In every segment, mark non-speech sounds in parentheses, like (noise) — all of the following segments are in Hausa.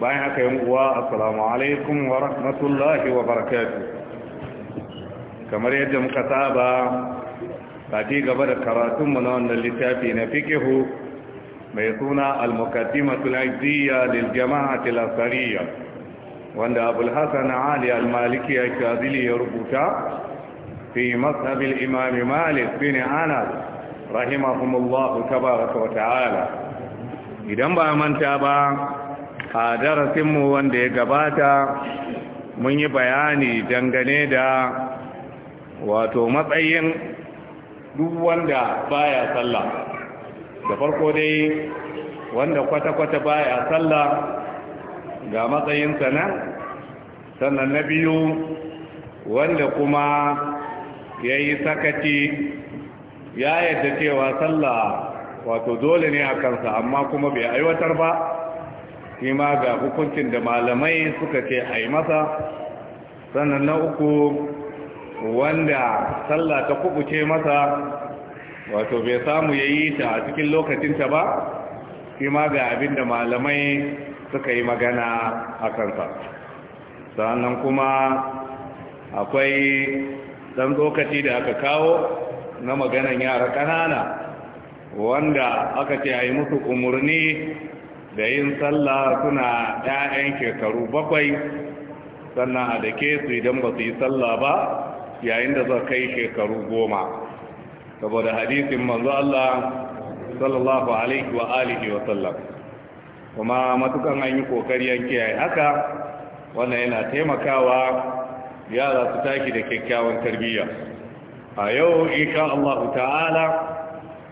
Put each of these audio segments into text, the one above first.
bayan haka yin uwa assalamu alaikum wa rahmatullahi wa barakatu kamar yadda muka saba kati gaba da karatunmu na wannan littafi na fikihu mai suna al-muqaddimatul ajziya lil jama'atil asariya wanda abul hasan ali al-maliki al-kazili ya rubuta fi mazhab al-imam malik bin anas rahimahumullah tabaraka wa ta'ala idan ba manta ba a darasinmu wanda ya gabata mun yi bayani dangane da wato matsayin duk wanda baya sallah da farko dai wanda kwata-kwata baya sallah ga matsayinsa nan sannan na biyu wanda kuma ya yi sakaci ya yadda cewa sallah wato dole ne a kansa amma kuma bai aiwatar ba shi ma ga hukuncin da malamai suka ce a yi masa sannan na uku wanda sallah ta kubuce masa wato bai samu ya yi ta a cikin lokacinta ba shi ma ga abin da malamai suka yi magana a kansa sannan kuma akwai ɗan lokaci da aka kawo na maganan yara ƙanana wanda aka ce a yi musu umarni da yin sallah suna ɗayan shekaru bakwai sannan a da ke su idan ba su yi sallah ba yayin da za kai shekaru goma saboda hadisin manzo Allah sallallahu alaihi wa alihi wa sallam kuma matukan an yi kokari an kiyaye haka wannan yana taimakawa yara su taki da kyakkyawan tarbiyya a yau insha Allah ta'ala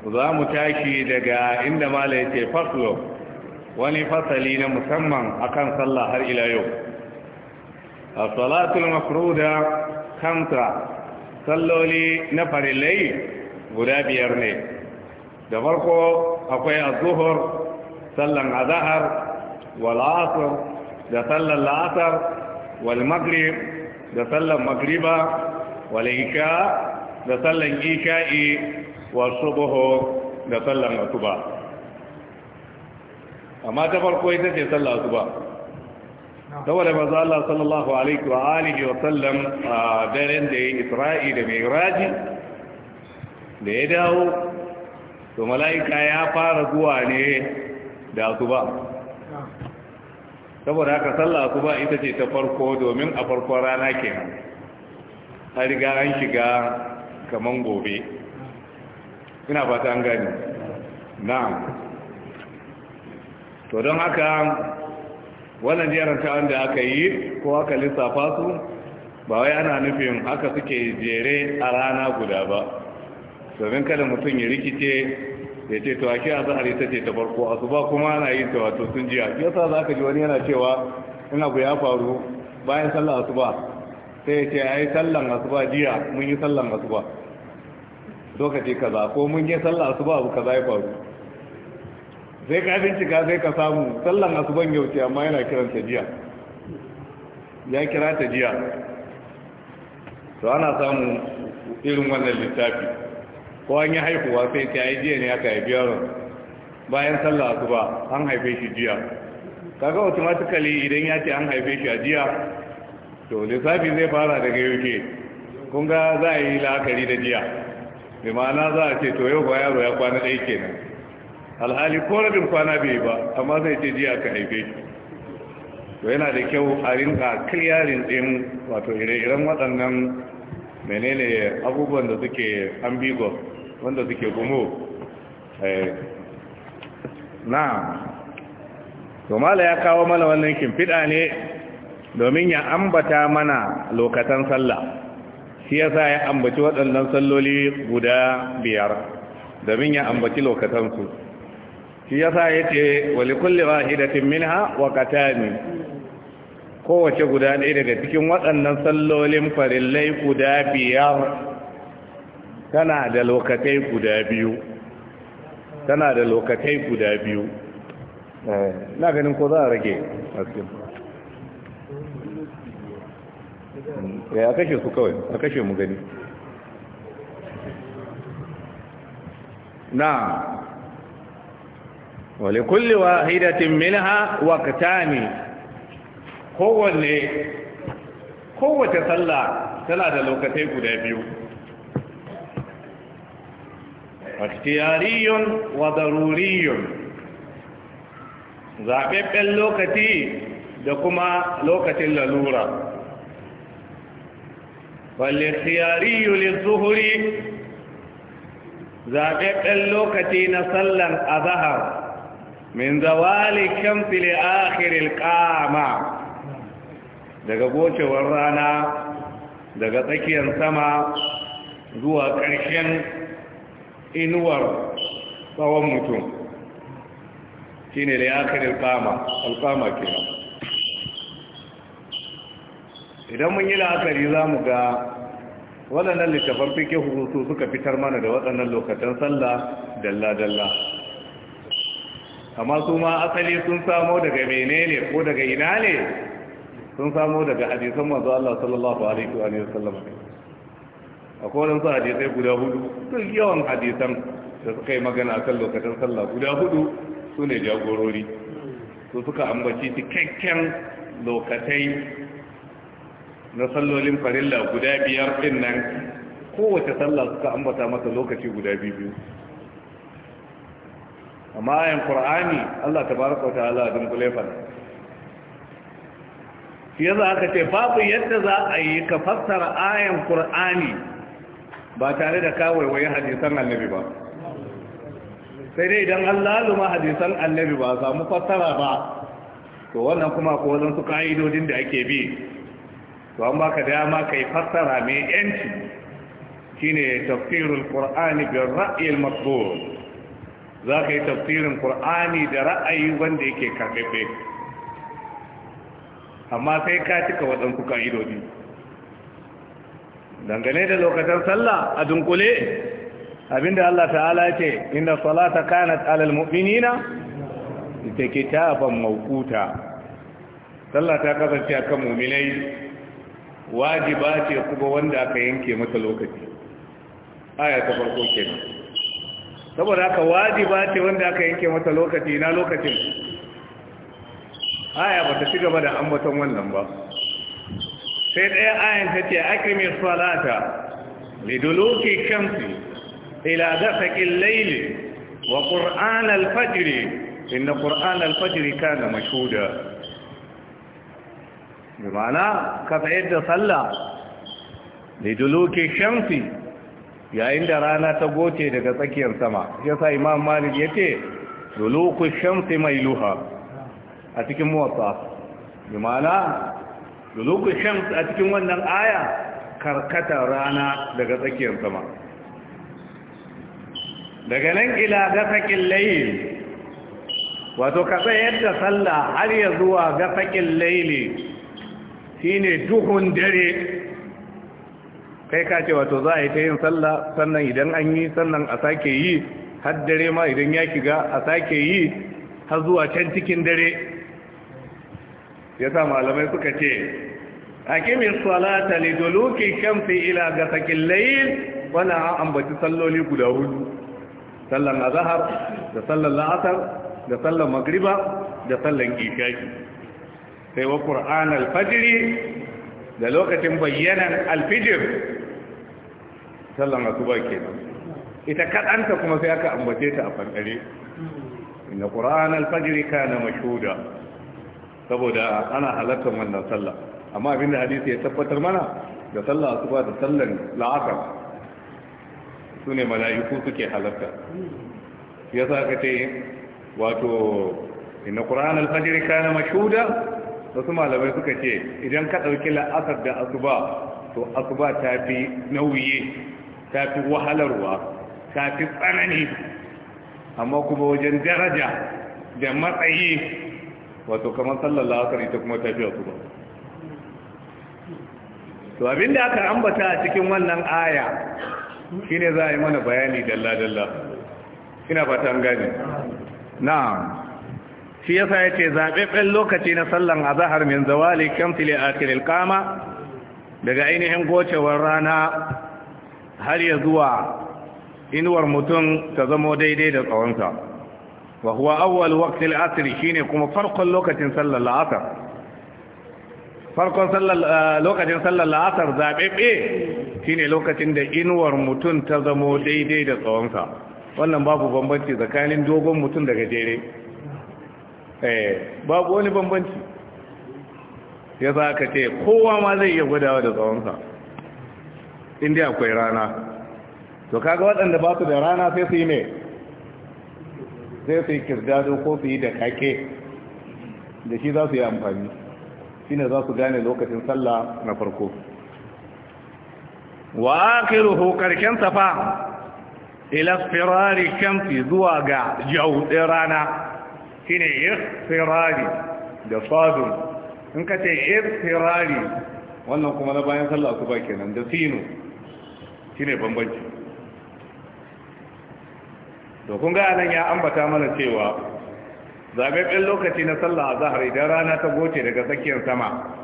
za mu tashi daga inda malai ce faslo wani fasali na musamman akan sallah har ila yau a salatul kansa, kanta salloli na farilai guda biyar ne da farko akwai azuhur sallan azahar wal da sallan la'asar wal maghrib da sallan magriba wal isha da sallan isha'i wa subh da sallan asuba amma ta farko ita ce sallah ba saboda za Allah sallallahu alaihi wa alihi wa sallam a daren da yi Isra'i da raji da ya dawo to mala'ika ya fara zuwa ne da ba saboda haka sallah ba ita ce ta farko domin a farko rana kenan har riga an shiga kamar gobe ina fata an gani na'am to don haka wannan ta wanda aka yi ko aka lissafa su ba wai ana nufin haka suke jere a rana guda ba domin kada mutum ya rikice ya ce tawaki a zahari ta ce ta farko ba kuma ana yin ta wato sun jiya yasa za ka ji wani yana cewa ina abu ya faru bayan sallar ba. sai ya ce ai su ba jiya mun yi sallar su ba. lokaci kaza ko mun yi sallar ba abu kaza ya faru sai ka bincika sai ka samu sallan asuban yau ce amma yana kiran ta jiya ya kira ta jiya to ana samu irin wannan littafi ko an yi haihuwa sai ta yi jiya ne aka haifi yaron bayan sallah asuba an haife shi jiya kaga automatically idan ya ce an haife shi a jiya to lissafi zai fara daga yau ke kun za a yi la'akari da jiya bi ma'ana za a ce to yau ba yaro ya kwana ɗaya kenan alhali ko rabin kwana bai ba amma zai ce jiya ka haife shi to yana da kyau a rinka kiliyarin din wato ire-iren waɗannan menene abubuwan da suke ambigo wanda suke gumo eh, na to mala ya kawo mana wannan kimfiɗa ne domin ya ambata mana lokatan sallah shi yasa ya ambaci waɗannan salloli guda biyar domin ya ambaci lokatansu shi yasa yace wa likulli wahidatin minha waqatani kowace guda ɗaya daga cikin waɗannan sallolin farillai guda biyar tana da lokatai guda biyu tana da lokatai guda biyu eh, na ganin ko za a rage askin ya eh, kashe su kawai a kashe mu gani na wale hidatin wahidatin minha waqtani kowanne kowace sallah tana da lokacin guda biyu ikhtiyariyun wa daruriyun zaɓaɓɓen lokaci da kuma lokacin lalura والخياري للظهر lokaci na sallan أظهر min zawali kamsi li akhiril daga gocewar rana daga tsakiyar sama zuwa ƙarshen inuwar tsawon mutum shine da ya kare alƙama alƙama kenan idan mun yi la'akari za mu ga waɗannan littafan fike hukutu suka fitar mana da waɗannan lokacin sallah dalla-dalla amma su ma asali sun samo daga menene ko daga ina ne sun samo daga hadisan manzo Allah sallallahu alaihi wa wasallam akwai wadansu hadisai guda hudu sun yawan hadisan da suka yi magana a lokacin sallah guda hudu su ne jagorori su suka ambaci cikakken lokacai na sallolin farilla guda biyar din nan kowace sallah suka ambata masa lokaci guda biyu amma ayin qur'ani Allah tabaraka wa ta'ala dun kulefa shi yasa aka ce babu yadda za a yi ka fassara ayin qur'ani ba tare da waye hadisan annabi ba sai dai idan an laluma hadisan annabi ba samu fassara ba to wannan kuma ko wajen su ka'idodin da ake bi to an baka dama kai fassara mai yanci shine tafsirul qur'ani bil ra'yil maqbul za ka yi tafsirin ƙur'ani da ra'ayi wanda yake karɓaɓɓe amma sai ka cika waɗansu ka'idodi dangane da lokacin sallah a dunkule abinda Allah ta'ala ce inda salata kanat alal mu'minina ita kitaban mawquta sallah ta kasance akan mu'minai wajiba ce kuma wanda aka yanke masa lokaci aya ta farko kenan saboda haka wajiba ce wanda aka yanke mata lokaci na lokacin aya ba ta ci gaba da ambaton wannan ba sai ɗaya ayan ta ce akimi salata liduluki shamsi ila dasakin laili wa ƙur'an alfajiri inda ƙur'an alfajiri kana mashuda bi ma'ana ka tsayar da sallah liduluki shamsi yayin da rana ta goce daga tsakiyar sama yasa imam malik ya ce duluku shamsi mai luha a cikin motsa imana duluku shamsi a cikin wannan aya karkata rana daga tsakiyar sama daga nan ila fakin layi wato ka tsayar da sallah har ya zuwa fakin laili shine duhun dare kai ka ce wato za a yi ta yin sallah sannan idan an yi sannan a sake yi har dare ma idan ya kiga a sake yi har zuwa can cikin dare ya sa malamai suka ce hakimin salata li duluki shamsi ila ga gasakin layl wani an ambaci salloli guda hudu sallan Azahar, da sallan la'asar da sallan magriba da sallan ishaki sai wa qur'an alfajiri da lokacin bayyanan alfijir. sallan asuba kenan ita kadanta kuma sai aka ambace ta a fankare inna qur'an al-fajr kana mashhuda saboda ana halartar wannan sallah amma abinda hadisi ya tabbatar mana da sallah asuba da sallan la'asar sune mala'iku suke halarta yasa aka ce wato inna qur'an al-fajr kana mashhuda wasu malamai suka ce idan ka dauki la'asar da asuba to asuba ta fi nauyi ta fi wahalarwa ta fi tsanani amma kuma wajen daraja da matsayi wato kamar sallallahu alaihi ita kuma tafi fi wasu ba to abinda aka ambata a cikin wannan aya shine za a yi mana bayani dalla-dalla ina fata an gani. na shi yasa yace zaɓeɓɓen lokaci na sallan zahar min zawali kamfile a qama daga ainihin gocewar rana har ya zuwa inuwar mutum ta zamo daidai da tsawonsa wa huwa awwal al asr shine kuma farkon lokacin sallar la'asar farkon sallar eh, lokacin sallar la'asar zabebe shine lokacin da inuwar mutum ta zamo daidai da tsawonsa wannan babu bambanci tsakanin dogon mutum daga jere eh babu wani bambanci ya za ce kowa ma zai iya gudawa da tsawonsa inda akwai rana to kaga waɗanda ba su da rana sai su yi ne sai su yi kirgado ko su yi da kake da shi za su yi amfani shi ne za su gane lokacin sallah na farko wa akiruhu karken safa ila firari kamfi zuwa ga jaudin rana shi ne firari da sadun in ka ce firari wannan kuma na bayan sallah su ba kenan da sinu shine bambanci to kun ga nan ya ambata mana cewa zaɓaɓɓen lokaci na sallah a zahar idan rana ta goce daga tsakiyar sama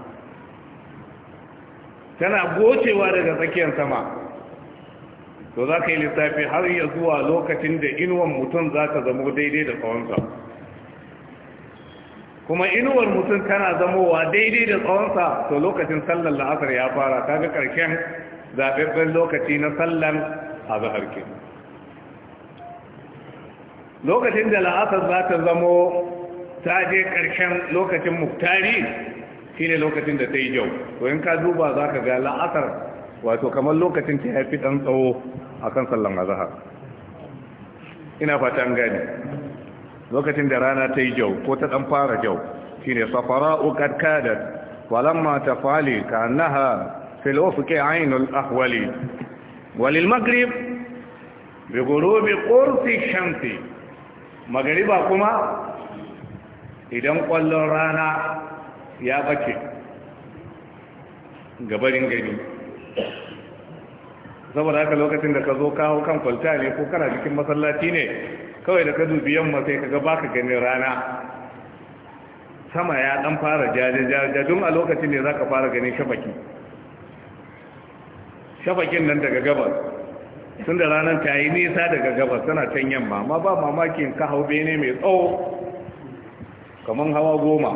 tana gocewa daga tsakiyar sama to za ka yi lissafi har iya zuwa lokacin da inuwan mutum za ta zamo daidai da tsawonsa kuma inuwar mutum tana zamowa daidai da tsawonsa to lokacin sallar la'asar ya fara ta ga ƙarshen zaɓaɓɓen lokaci na sallan a zahar ke lokacin da la'asar za ta zamo ta je ƙarshen lokacin muktari shi ne lokacin da ta yi jau to in ka duba za ka ga la'asar wato kamar lokacin ta haifi ɗan tsawo a kan sallan azahar ina fata an gani lokacin da rana ta yi jau ko ta ɗan fara jau shi ne safara'u ƙarƙadar walamma ta fali ka annaha في الأفق عين الأحول وللمغرب بغروب قرص الشمس مغربا كما idan ƙwallon rana ya bace gabarin gari saboda haka lokacin da ka zo kawo kan kwalta ne ko kana cikin masallaci ne kawai da ka dubi yamma sai ka ga baka ganin rana sama ya dan fara jajajaja don a lokacin ne za ka fara ganin shabaki shafakin nan daga gabas Sun da ranar ta yi nisa daga gabas tana can yamma amma ba mamakin ka hau bene mai tsawo kamar hawa goma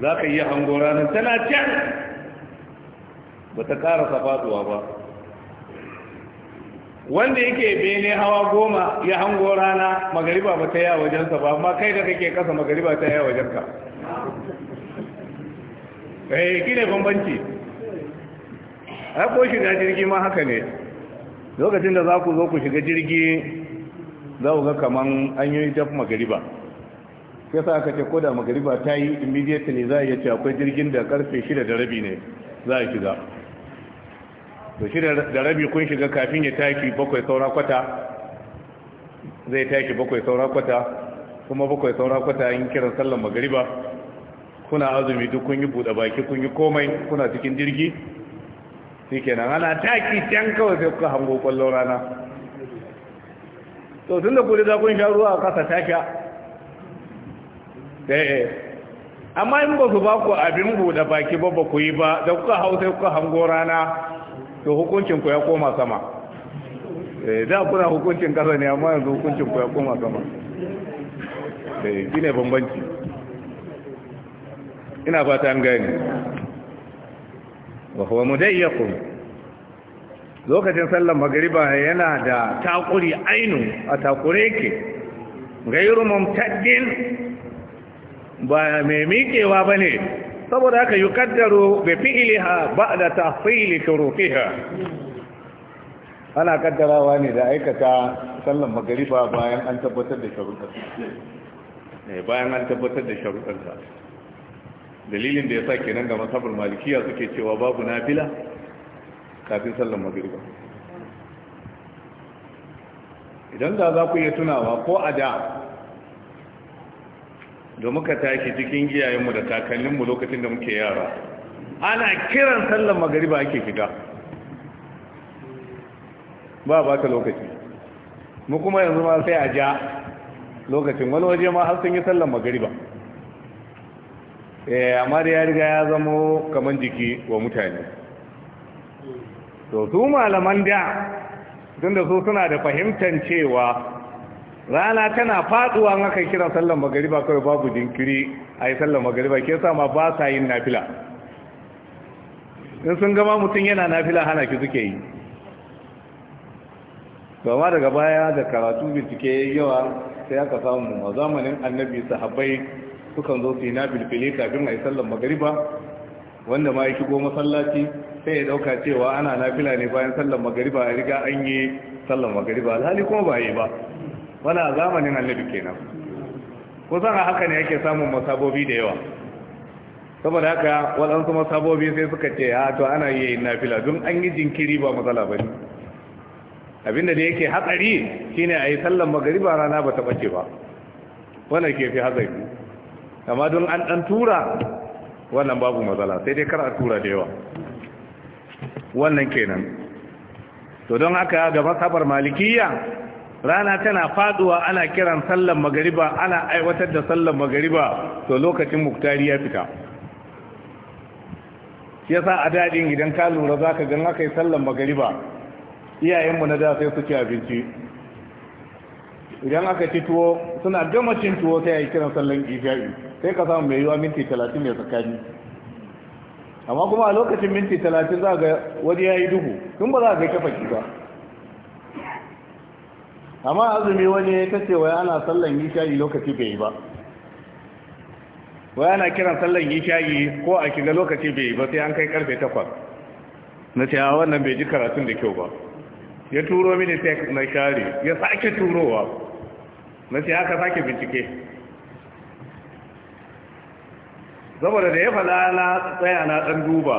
za ka iya hango ranar tana can ba ta karasa faduwa ba wanda yake bene hawa goma ya hango rana magariba ba ta yi a wajensa ba amma kai da kake kasa magariba ta yi a wajenka eh gine bambanci A ko shiga jirgi ma haka ne lokacin da za ku zo ku shiga jirgi za ku ga kaman an yi daf magariba sai sa aka ce koda magariba ta yi immediately za a yi ce akwai jirgin da karfe shida da rabi ne za a shiga Da shida da rabi kun shiga kafin ya taki bakwai saura kwata zai taki bakwai saura kwata kuma bakwai saura kwata yin kiran sallan magariba kuna azumi duk kun yi buɗe baki kun yi komai kuna cikin jirgi shi kenan ana taki can kawai sai kuka hango kwallon rana to tun da kuri za kun sha ruwa a kasa ta sha ɗaya eh, eh. amma in ba su ba ku abin ku da baki ba ba ku yi ba da kuka hau sai kuka hango rana to hukuncin ku ya koma sama eh, da kuna hukuncin kasa ne amma yanzu hukuncin ku ya koma sama eh ne bambanci ina fata an gani wa huwa mudayyaqun lokacin sallar magriba yana da takuri ainu a takure yake gairu mumtaddin ba mai miƙewa bane saboda haka yukaddaru bi fi'liha ba'da tahsil shurutiha ana kaddarawa ne da aikata sallan magariba bayan an tabbatar da sharuɗarsa eh, bayan an tabbatar da sharuɗarsa dalilin da ya sa kenan ga masabar malikiya suke cewa babu nafila kafin sallan magirba idan da za ku iya tunawa ko a da da muka tashi cikin giyayenmu da kakanninmu lokacin da muke yara ana kiran sallan magariba ake fita ba ba ta lokaci mu kuma yanzu ma sai a ja lokacin wani waje ma har sun yi sallan magariba Eh, amma da ya riga ya zama kamar jiki wa mutane to su malaman da tun da su suna da fahimtar cewa rana tana faduwa aka kira sallan magariba kawai babu jinkiri a yi sallan magariba ke sama ba sa yin nafila in sun gama mutum yana nafila hana ki suke yi gama daga baya da karatu bincike yawa sai aka samu a zamanin annabi sahabbai sukan zo su yi na bilfile kafin a yi sallan magariba wanda ma ya shigo masallaci sai ya dauka cewa ana nafila ne bayan sallan magariba a riga an yi sallan magariba alhali kuma ba yi ba wani a zamanin annabi kenan kusan a haka ne yake samun masabobi da yawa saboda haka waɗansu masabobi sai suka ce ya ah, to ana yi yin nafila don an yi jinkiri ba matsala ba ne abinda da yake hatsari shine a yi sallan magariba rana ba ta ɓace ba wannan ke fi hatsari amma don an ɗan tura wannan babu matsala sai dai kar a tura da yawa wannan kenan to don haka ga masabar malikiya rana tana faduwa ana kiran sallan magariba ana aiwatar da sallan magariba to lokacin muktari ya fita shi yasa a dadin idan ka lura zaka gan aka sallar sallan magariba iyayenmu na da sai su abinci idan aka ci tuwo suna gama cin tuwo sai a yi kiran sallan isha'i sai ka samu mai yiwa minti talatin mai tsakani amma kuma a lokacin minti talatin za ga wani ya yi duhu tun ba za ga kafa ki ba amma azumi wani ya tace wai ana sallan shayi lokaci bai yi ba wai ana kiran sallan shayi ko a shiga lokaci bai yi ba sai an kai karfe takwas na ce wannan bai ji karatun da kyau ba ya turo mini sai na share ya sake turowa na ce haka sake bincike saboda da ya fada na tsaya na ɗan duba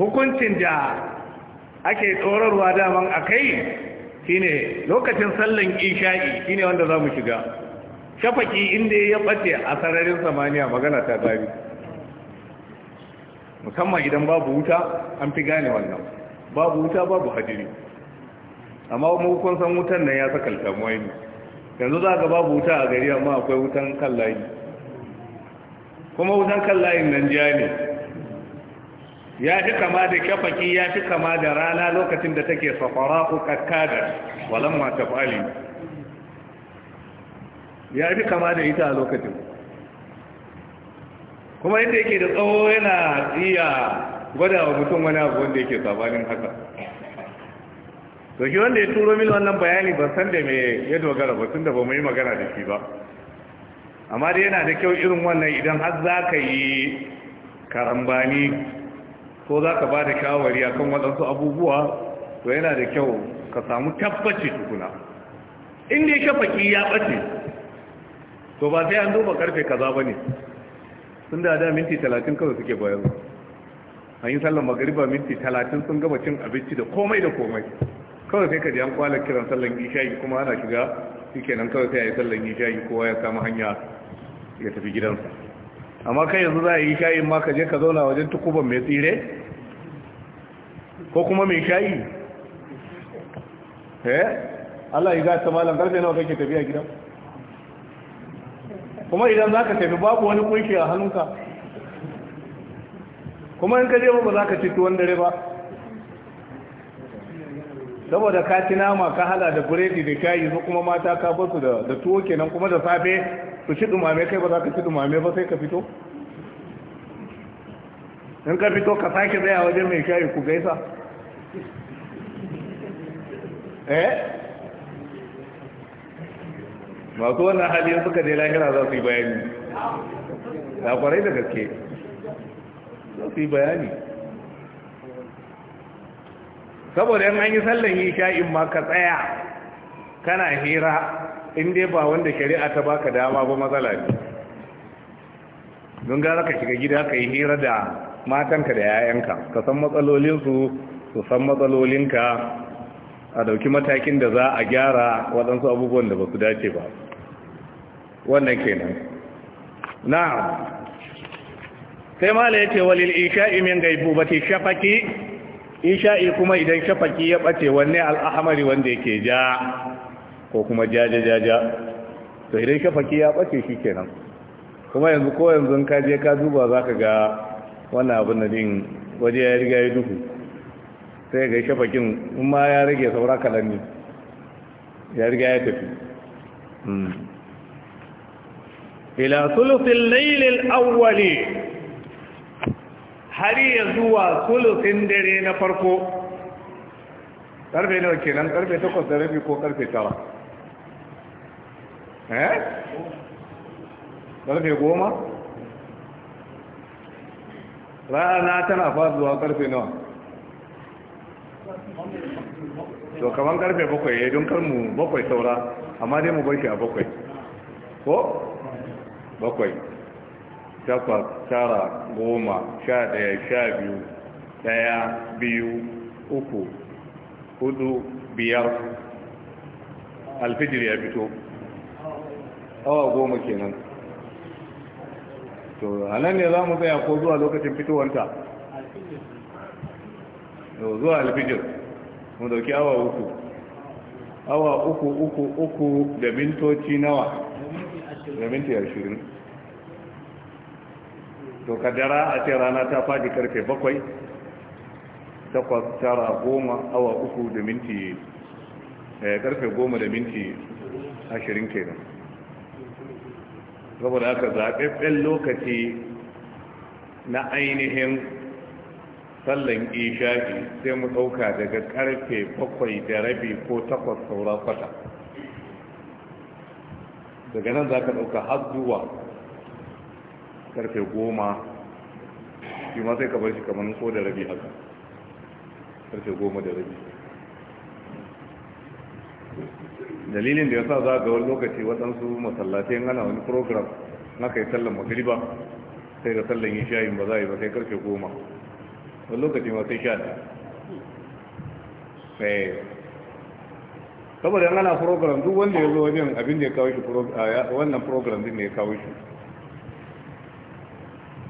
hukuncin da ake tsorarwa daman a kai shine lokacin sallan isha'i shine wanda za mu shiga shafaki inda ya ɓace a sararin samaniya magana ta gari musamman idan babu wuta an fi gane wannan babu wuta babu hadiri amma kun san wutan nan ya sakalta muwaini yanzu za ga babu wuta a gari amma akwai wutan kan layi kuma wajen kan layin nan ja ne ya fi kama da kyafaki ya fi kama da rana lokacin da take safara ko kakkada walan mata fali ya fi kama da ita a lokacin kuma inda yake da tsawo yana iya gwada wa mutum wani abu wanda yake sabanin haka to shi wanda ya turo mil wannan bayani ba san da me ya dogara ba tun da ba mu yi magana da shi ba amma dai yana da kyau irin wannan idan har za ka yi karambani ko za ka ba da shawari akan waɗansu abubuwa to yana da kyau ka samu tabbaci tukuna inda ya shafaki ya ɓace to ba sai an duba karfe kaza ba ne sun da minti talatin kawai suke bayarwa an yi sallan magariba minti talatin sun gaba cin abinci da komai da komai kawai sai ka ji an kwalar kiran sallan isha'i kuma ana shiga kenan kawai sai a yi sallan isha'i kowa ya samu hanya ya tafi gidansa amma kai yanzu za a yi shayin ma ka je ka zauna wajen tukuban mai tsire ko kuma mai shayi eh Allah ya gata malam karfe nawa kake tafiya gidan kuma idan za ka tafi babu wani kunshi a hannunka kuma in ka je ba za ka ciki wanda dare ba saboda ka ci nama ka hada da buredi da kayi su kuma mata ka basu da da tuwo kenan kuma da safe su ci dumame kai ba za ka ci dumame ba sai ka fito in ka fito ka sake tsaya wajen mai shayi ku gaisa eh masu wannan hali suka je lahira za su yi bayani da kwarai da gaske za su yi bayani saboda yan an yi sallan yi sha'in ma ka tsaya kana hira in dai ba wanda shari'a ta baka dama ba matsala ne don gara ka shiga gida ka yi hira da matanka da 'ya'yanka ka san matsalolinsu su san matsalolinka a dauki matakin da za a gyara waɗansu abubuwan da ba su dace ba wannan kenan na'am sai mala ce walil gaibu ba gaibubati shafaki isha'i kuma idan shafaki ya ɓace wanne al'ahamari wanda yake ja ko kuma jajajaja to idan shafaki ya ɓace shi kenan kuma yanzu ko yanzu ka je ka duba za ka ga wannan abin da din waje ya riga ya duhu sai ga shafakin in ma ya rage saura kalanni ya riga ya tafi hmm. ila sulusin lailin awwali har ya zuwa sulusin dare na farko karfe nawa kenan karfe takwas da rabi ko karfe tara eh? karfe goma rana tana faduwa karfe nawa to kamar karfe bakwai ya eh, don karmu bakwai saura amma dai mu barki a bakwai ko bakwai takwas tara goma sha ɗaya sha biyu ɗaya biyu uku hudu biyar alfijir ya fito awa goma kenan to anan ne za mu tsaya ko zuwa lokacin fitowanta zuwa alfijir mu dauki awa uku awa uku uku uku da mintoci nawa da minti ashirin to dara a ce rana ta fadi karfe bakwai takwas tara goma awa uku da minti eh, karfe goma da minti ashirin kenan saboda haka zaɓaɓɓen lokaci na ainihin sallan ishaki sai mu ɗauka daga karfe bakwai da rabi ko takwas saura fata daga nan za ka ɗauka har zuwa karfe goma shi ma sai ka bar shi kamar ko da rabi haka karfe goma da rabi dalilin da ya sa za ga wani lokaci waɗansu masallatai ana wani program na kai sallan magriba sai da sallan yin shayin ba za a yi ba sai karfe goma wani lokaci ma sai sha sai eh. saboda ana program duk wanda ya zo wajen abin da ya kawo shi wannan program din ne ya kawo shi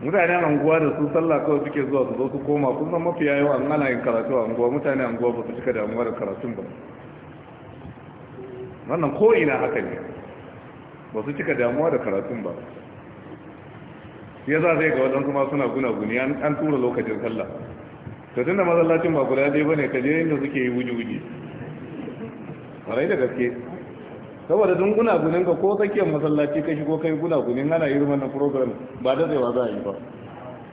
mutanen anguwa da su sallah kawai suke zuwa su zo su koma kun san mafiya yawa an ana yin karatu a anguwa mutanen anguwa ba su cika damuwa da karatun ba wannan ko ina haka ne ba su cika damuwa da karatun ba ya za zai ga waɗansu ma suna gunaguni an tura lokacin sallah to tunda masallacin ba guda ɗaya bane ka je inda suke yi wuji-wuji ƙwarai da gaske saboda dun guna gunin ka ko tsakiyar masallaci ka shigo kai guna gunin ana yi na program ba da zaiwa za a yi ba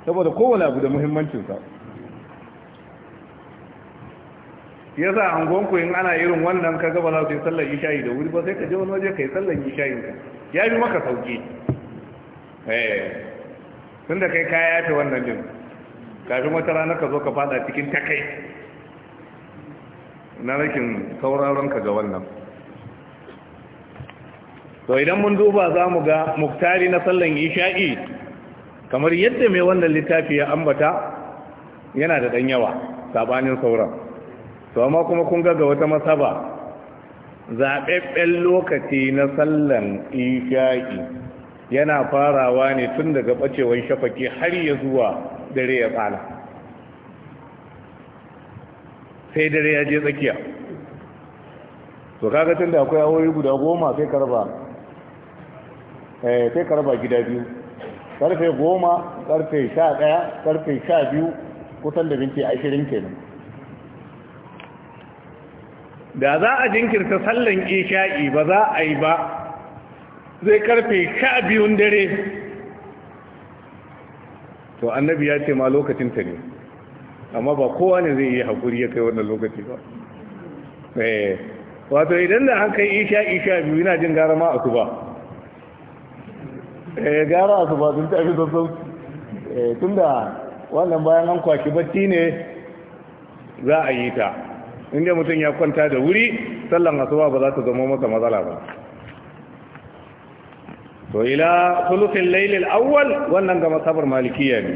saboda kowane abu da muhimmancinsa ya sa an gonku in ana irin wannan ka gaba za su yi sallar ishayi da wuri ba sai ka je wani waje ka yi sallar ishayin ka ya yi maka sauki eh, tun da kai kaya ce wannan din kafin wata rana ka zo ka fada cikin takai na rikin sauraron ka ga wannan to idan mun duba za mu ga muktari na sallan isha'i kamar yadda mai wannan littafi ya ambata yana da ɗan yawa sabanin sauran to amma kuma kun ga wata masaba zaɓaɓɓen lokaci na sallan isha'i yana farawa ne tun daga ɓacewar shafaki har ya zuwa dare ya tsala sai dare ya je tsakiya to kaga tun da akwai awoyi guda goma sai karba Eh, sai ka raba gida biyu karfe goma karfe sha ɗaya karfe sha biyu kusan da binci ashirin kenan da za a jinkirta sallan isha'i ba za a yi ba zai karfe sha biyun dare to annabi ya ce ma lokacin ta ne amma ba kowa ne zai yi haƙuri ya kai wannan lokaci ba eh, wato idan da an kai isha'i sha biyu yana jin gara ma a su ba Eh, gara su ba sun tafi sassan tun da eh, wannan bayan an kwaki bacci ne za a yi ta inda mutum ya kwanta da wuri sallan asuba ba za ta zama masa matsala ba to ila sulufin lailil awwal wannan ga masabar malikiya ne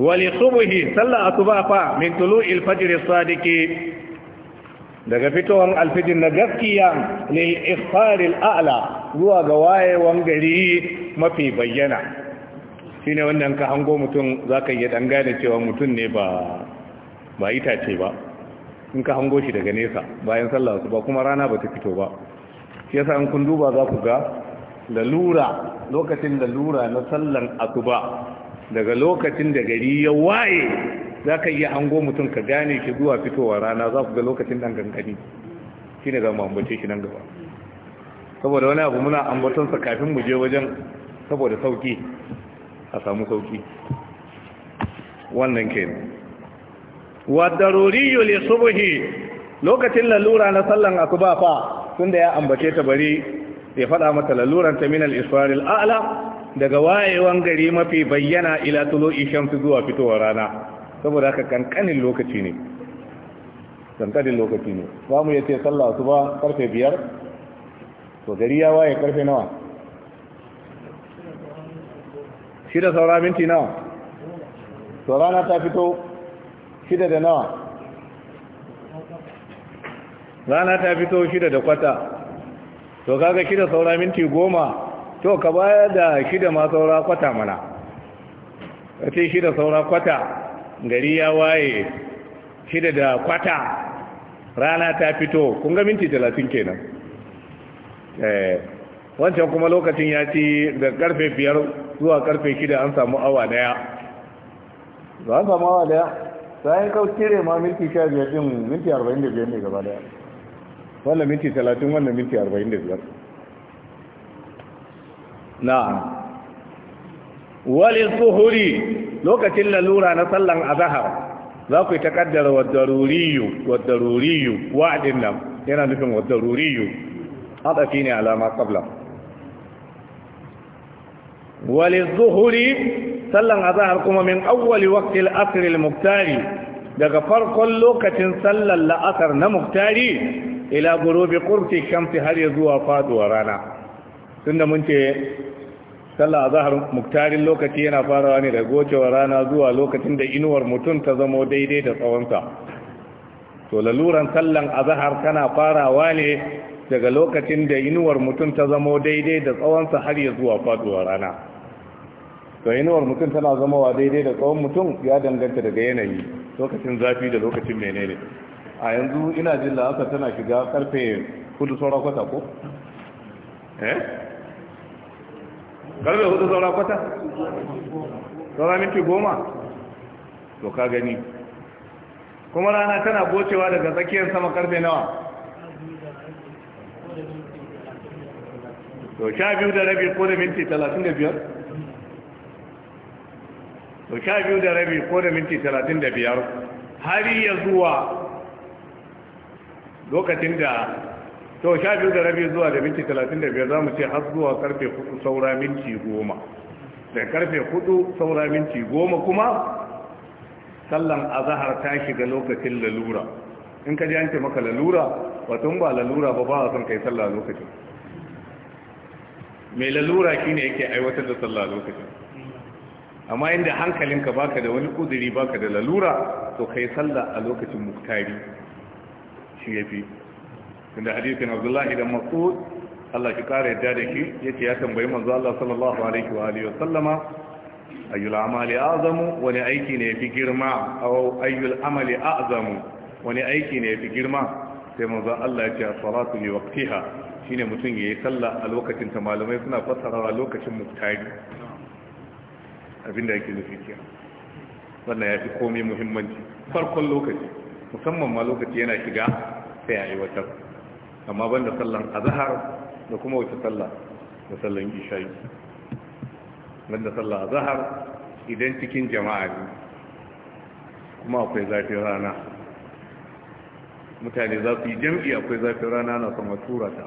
wali subuhi sallan asuba fa min tulu'il fajr as-sadiqi daga fitowar alfijin na gaskiya lil ikhtaril a'la zuwa ga wayewan gari mafi bayyana shine wannan ka hango mutum zaka iya dan gane cewa mutum ne ba ba itace ba in ka hango shi daga nesa bayan sallah ba kuma rana ba ta fito ba shi yasa in kun duba za ku ga lalura lokacin lalura na sallan asuba daga lokacin da gari ya waye za ka iya hango mutum ka gane shi zuwa fitowa rana za ku ga lokacin ɗan gangani shi ne za mu ambace shi nan gaba saboda wani abu muna ambatonsa kafin mu je wajen saboda sauki a samu sauki wannan kenan wa daruriyu li subhi lokacin lalura na sallan ba fa da ya ambace ta bari ya fada mata laluran ta minal isfaril ala daga wayewan gari mafi bayyana ila ishan su zuwa fitowar rana saboda haka kankanin lokaci ne kankanin lokaci ne ba mu yace sallah su ba karfe biyar to gari ya waye karfe nawa shida saura minti nawa to rana ta fito shida da nawa rana ta fito shida da kwata to kaga shida saura minti goma to ka baya da shida ma saura kwata mana ka ce shida saura kwata gari ya waye shida da kwata rana ta fito kun ga minti talatin kenan eh, wancan kuma lokacin ya ci da karfe biyar zuwa karfe shida an samu awa daya za a samu awa daya sayan kau cire ma minti sha biyar din minti arba'in da biyar ne gaba daya wannan minti talatin wannan minti arba'in da biyar na walin suhuri lokacin lalura na sallan azahar za ku yi ta kaddara wadaruriyu wadaruriyu wa'adin nan yana nufin wa wadaruriyu haɗafi ne alama kabla walin zuhuri sallan azahar kuma min awwali waktil asiril muktari daga farkon lokacin sallan la'asar na muktari ila gurobi kurfi shamsi har ya zuwa faduwa rana tunda mun ce sallah azhar muktarin lokaci yana farawa ne da gocewa rana zuwa lokacin da inuwar mutum ta zamo daidai da tsawonsa to laluran sallan azhar tana farawa ne daga lokacin da inuwar mutum ta zamo daidai da tsawonsa har ya zuwa faduwa rana to inuwar mutum tana zama wa daidai da tsawon mutum ya danganta daga yanayi lokacin zafi da lokacin menene a yanzu ina jin la'asar tana shiga karfe kudu saurakwata ko eh karbe hudu saura kwata saura minti goma to ka gani kuma rana tana bocewa daga tsakiyar sama karfe nawa to sha biyu da rabi ko da minti talatin da biyar to sha biyu da rabi ko da minti talatin da biyar har ya zuwa lokacin da to sha biyu da rabi zuwa da minti talatin da biyar za mu ce har zuwa karfe hudu saura minti goma da karfe hudu saura minti goma kuma sallan azahar ta shiga lokacin lalura in ka ji an ce maka lalura wato ba lalura ba ba a son kai sallah lokacin mai lalura shine yake aiwatar da sallah lokacin amma inda hankalinka baka da wani kuduri baka da lalura to kai sallah a lokacin muktari shi yafi tunda hadisin abdullahi da mas'ud Allah shi kare yadda da shi yace ya tambayi manzo Allah sallallahu alaihi wa alihi wasallama ayyul amali azamu wani aiki ne fi girma aw ayyul amali azamu wani aiki ne fi girma sai manzo Allah ya ce salatu li waqtiha shine mutum yayi sallah a lokacin ta malamai suna fassarawa lokacin muktari abinda yake nufi kenan wannan fi komai muhimmanci farkon lokaci musamman ma lokaci yana shiga sai a aiwatar amma ban da sallan azahar, da kuma wace sallah da sallan isha'i ban da sallah azahar, idan cikin jama'a ne kuma akwai zafin rana mutane za su yi jam'i akwai zafin rana na sama turata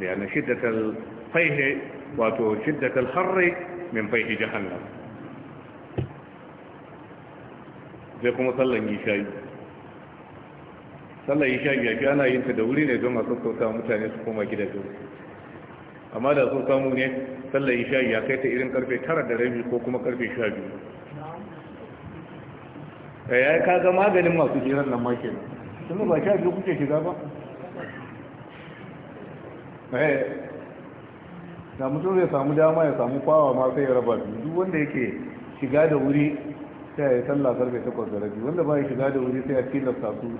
da yana shiddatar faihe wato shiddatar harre min faihe jihannan zai kuma sallan isha'i sallar shagiyar fi ana yin ta da wuri ne don masu sassauta mutane su koma gida su amma da sun samu ne sallar yi ya kai ta irin karfe tara da rabi ko kuma karfe sha biyu da eh, ya ka ga maganin masu jiran nan makin sun ba sha biyu kuke shiga ba eh, da mutum zai samu dama ya samu kwawa ma sai ya raba duk wanda yake shiga da wuri sai ya yi sallah karfe takwas da rabi wanda ba ya shiga da wuri sai ya tilasta su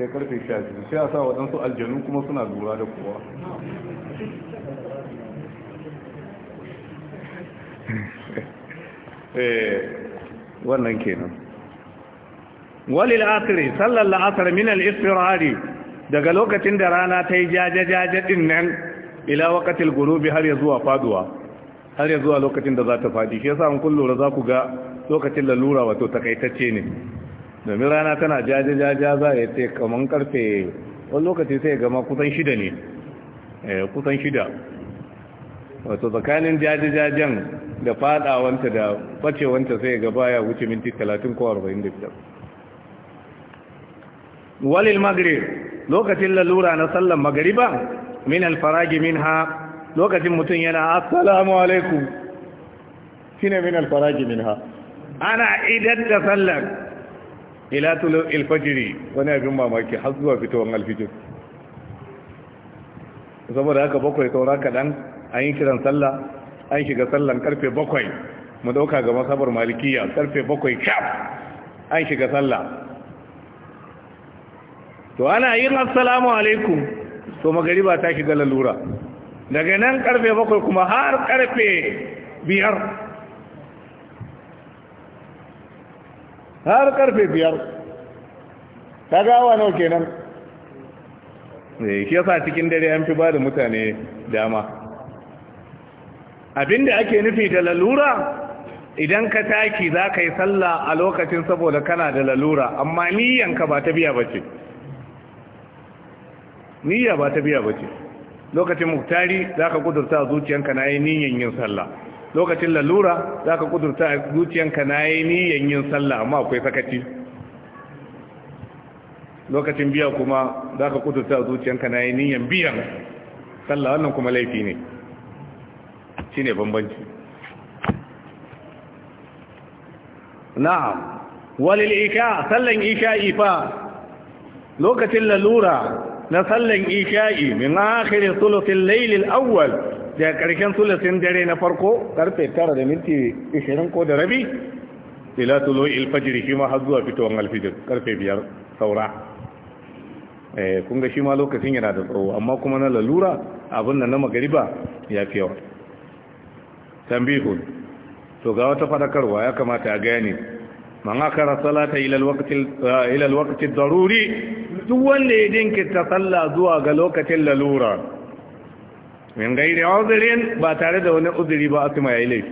sai karfe 12 sai a sa waɗansu aljanu kuma suna lura da kowa (laughs) eh, wannan kenan walil asiri sallar la'asar min al-istirari daga lokacin da rana ta yi jajajajen din nan ila wakatil gurubi har ya zuwa faduwa har ya zuwa lokacin da za ta fadi shi ya sa kun lura za ku ga lokacin lalura wato takaitacce ne domin rana tana jajajaja za a yi ce kamar karfe wani lokaci sai gama kusan shida ne eh, kusan shida wato tsakanin jajajajen da fadawanta da bacewanta sai gaba ya wuce minti 30 ko 45 walil magrib lokacin lalura na sallan magariba min alfaragi ha lokacin mutum yana assalamu alaikum shine min alfaragi ha ana idan da sallar ila Il ilfajiri wani abin mamaki har zuwa fitowar alfijir saboda haka bakwai taura kaɗan an yi kiran sallah an shiga sallan karfe bakwai mu dauka ga masabar malikiya karfe bakwai kyaf an shiga sallah to ana yin assalamu alaikum to magariba ta shiga lalura daga nan karfe bakwai kuma har karfe biyar har karfe biyar ta gawa nau kenan eh, shi yasa cikin dare an fi ba da mutane dama abinda ake nufi da lalura idan ka taki za ka yi sallah a lokacin saboda kana da lalura amma ka ba ta biya bace niyya ba ta biya bace lokacin muktari za ka kudurta zuciyanka na yi niyyar yin sallah lokacin lalura za ka kudurta a zuciyanka na yi niyan yin sallah amma akwai sakaci lokacin biya kuma za ka kudurta a zuciyanka na yi niyan biyan sallah wannan kuma laifi ne shi ne bambanci Na walil isha sallan isha'i fa lokacin lalura na sallan isha'i min akhirin thuluthil layl al-awwal da ƙarshen sulasin dare na farko karfe tara da minti ishirin ko da rabi ila tulo ilfajir shi ma har zuwa fitowar alfijir karfe biyar saura eh, kun ga shi ma lokacin yana da tsawo amma kuma na lalura abin nan na magariba ya fi yawa tambihun to ga wata fadakarwa ya kamata a gane man akara salata ilal alwaqti daruri duk wanda ya dinkita sallah zuwa ga lokacin lalura min gairi uzurin ba tare da wani uziri ba asima yayi laifi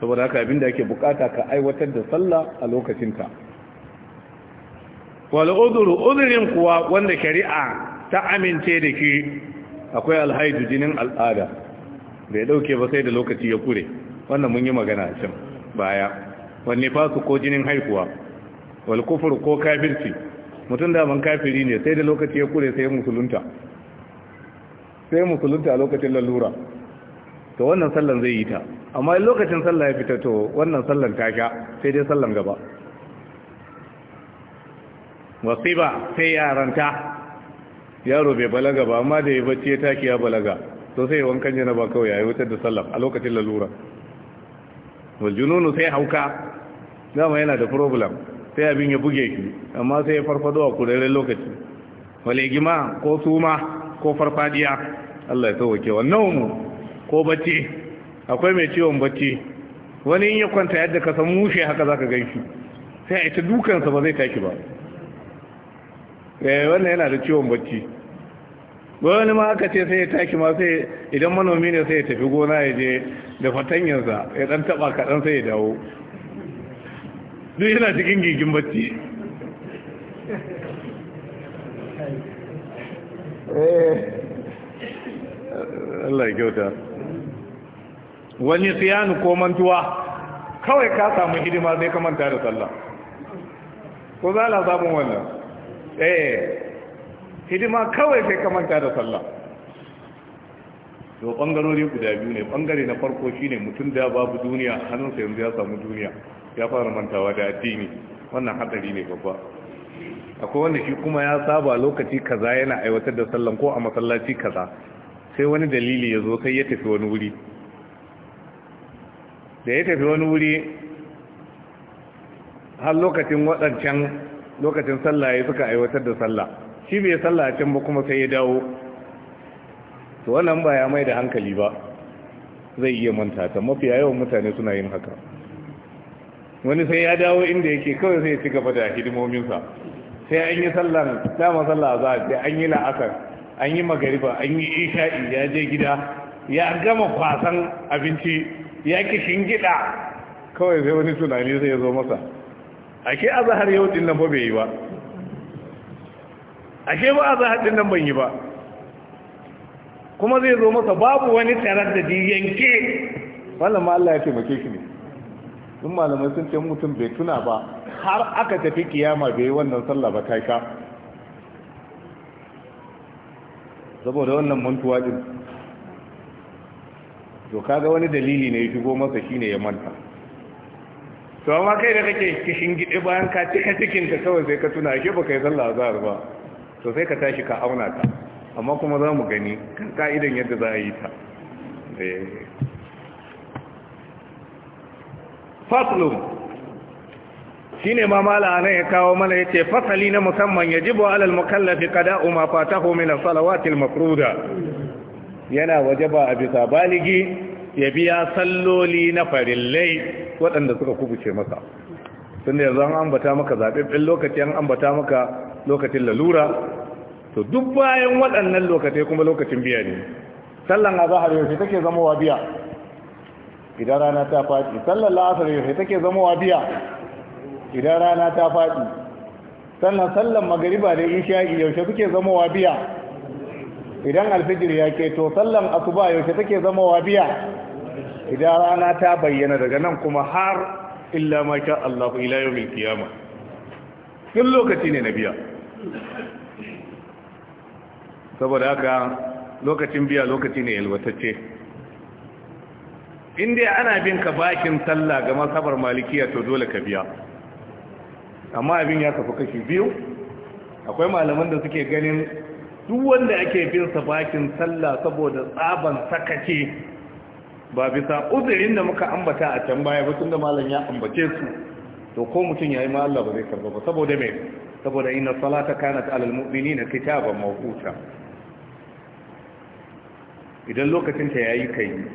saboda haka abinda ake bukata ka aiwatar da sallah a lokacinta wal uzurin kuwa wanda shari'a ta amince da shi akwai alhaidu jinin al'ada da ya dauke ba sai da lokaci ya kure wannan mun yi magana a can baya wanne fasu ko jinin haihuwa wal kufur ko kafirci mutum da man kafiri ne sai da lokaci ya kure sai musulunta sai musulunta a lokacin lalura to wannan sallan zai yi ta amma lokacin sallan ya fita to wannan sallan ta sha sai dai sallan gaba ba sai yaranta yaro bai balaga ba amma da ya bacci ya taki ya balaga to sai wankan jana ba kawai yi wutar da sallan a lokacin lalura waljununu sai hauka dama yana da problem sai abin ya buge shi, amma sai ya farfado a kuraren lokaci waligima ko suma ko farfadiya Allah ya sauke wa mu ko bacci akwai mai ciwon bacci wani in ya kwanta yadda ka san mushe haka zaka ganshi sai a ita dukansa ba zai tashi ba eh wannan yana da ciwon bacci wani ma aka ce sai ya tashi ma sai idan manomi ne sai ya tafi gona ya je da fatanyarsa ya dan taba kaɗan sai ya dawo duk yana cikin gigin bacci Eh. Allah ya kyauta wani siyanu ko mantuwa kawai ka samu hidima zai kamanta da sallah ko za la samun wannan eh hidima kawai sai kamanta da sallah to bangarori guda biyu ne bangare na farko shine mutum da babu duniya hannunsa yanzu ya samu duniya ya fara mantawa da addini wannan hadari ne babba akwai wanda shi kuma ya saba lokaci kaza yana aiwatar da sallan ko a masallaci kaza sai wani dalili ya zo sai ya tafi wani wuri da ya tafi wani wuri har lokacin waɗancan lokacin sallah ya suka aiwatar da sallah shi bai sallah can ba kuma sai ya dawo to wannan ba ya mai da hankali ba zai iya manta ta mafi yawan mutane suna yin haka wani sai ya dawo inda yake kawai sai ya ci gaba da hidimominsa sai an yi da dama sallah za sai an yi la'asar an yi magariba an yi isha'i ya je gida ya gama kwasan abinci ya kishin gida kawai sai wani tunani sai ya zo masa a azahar yau din nan ba bai yi ba Ake ba azahar din nan ban yi ba kuma zai zo masa babu wani tarar da yanke wannan ma Allah ya taimake shi ne Sun malamai sun ce mutum bai tuna ba har aka tafi kiyama bai wannan sallah ba ta sha saboda wannan mantuwa din to kaga wani dalili ne ya shigo masa shine ya manta to amma kai da kake kishin gide bayan ka cika cikin ka kawai sai ka tuna ashe ba kai sallah azhar ba to sai ka tashi ka auna ta amma kuma za mu gani kan ka'idan yadda za a yi ta eh. faslun ne ma mala ya kawo mana ya ce fasali na musamman ya yajibu alal mukallafi kada ma fataho minan as-salawatil makruda yana waje ba a bisa baligi ya biya salloli na farillai waɗanda suka kubuce masa tun da yanzu an ambata maka zaɓaɓɓen lokaci an ambata maka lokacin lalura to duk bayan waɗannan lokaci kuma lokacin biya ne sallan zahar yaushe take zama wa biya idan rana ta faɗi sallan la'asar yaushe take zama wa biya idan rana ta faɗi sannan sallan magariba da isha'i yaushe suke zama wa biya idan alfijir ya to sallan asuba yaushe take zama wa biya idan rana ta bayyana daga nan kuma har illa ma sha Allah ila yawmil qiyama kin lokaci ne na biya saboda haka lokacin biya lokaci ne yalwatacce in dai ana bin ka bakin sallah ga masabar malikiya to dole ka biya amma abin ya tafi kashi biyu akwai malaman da suke ganin duk wanda ake bin sa bakin sallah saboda tsaban sakace ba bisa uzurin da muka ambata a can baya ba tunda malam ya ambace su to ko mutum yayi ma Allah ba zai karba ba saboda me saboda inna salata kanat alal na kitaban mawquta idan lokacin ta yayi kai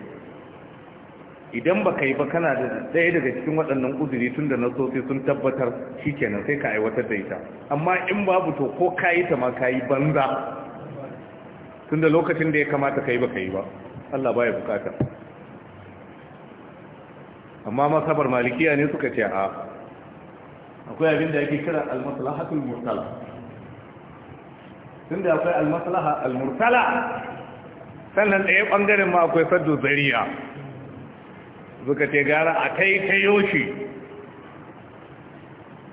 idan ba ka yi ba kana da ɗaya daga cikin waɗannan uzuri tun da nasosi sun tabbatar shi kenan sai ka aiwatar da ita amma in babu to ko ka yi ta ma ka yi banza tun da lokacin da ya kamata ka yi ba ka yi ba Allah ba ya bukata amma masabar malikiya ne suka ce a akwai abin da yake kira almaslahatul murtala tun da akwai almaslaha almurtala sannan ɗaya ɓangaren ma akwai saddu zariya suka ce gara a kai ta yoshi